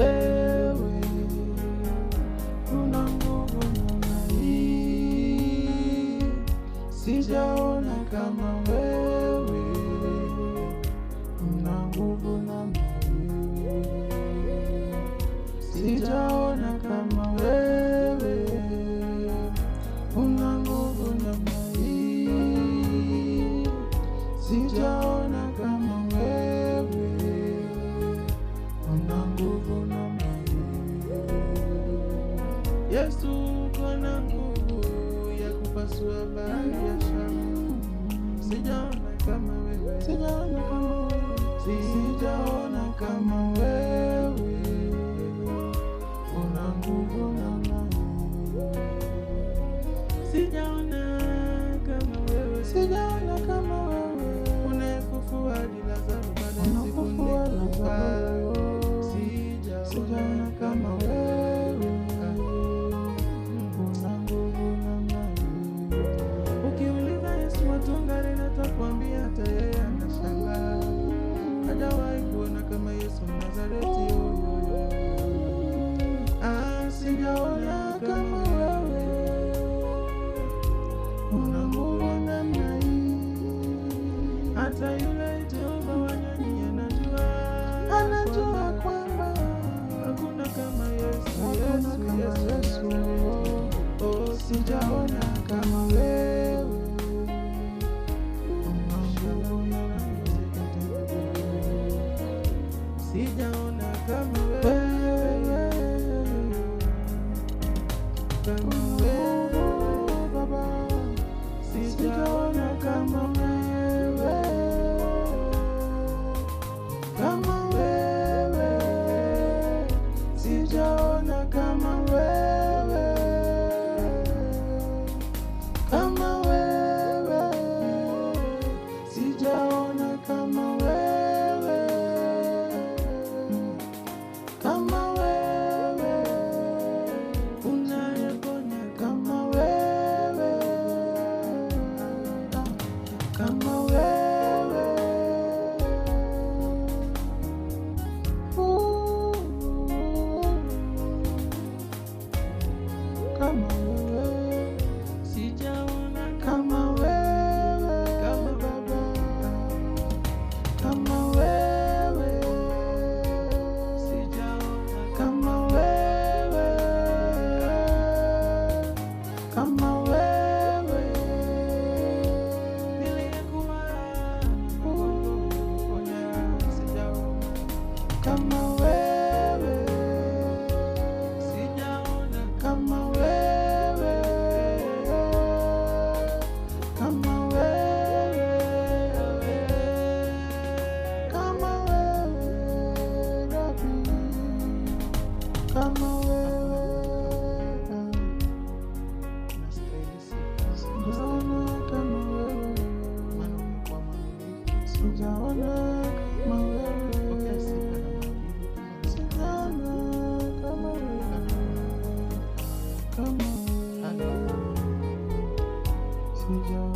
away. Yesu uko na nguvu ya kupasua bahari ya Shamu. Sijaona kama wewe, sijaona kama wewe. hata yule Jehova wanyonyi anajua, anajua kwamba hakuna kama Yesu, Yesu, Yesu, oh, sijaona kama wewe sijaona kama wewe don't know. Cause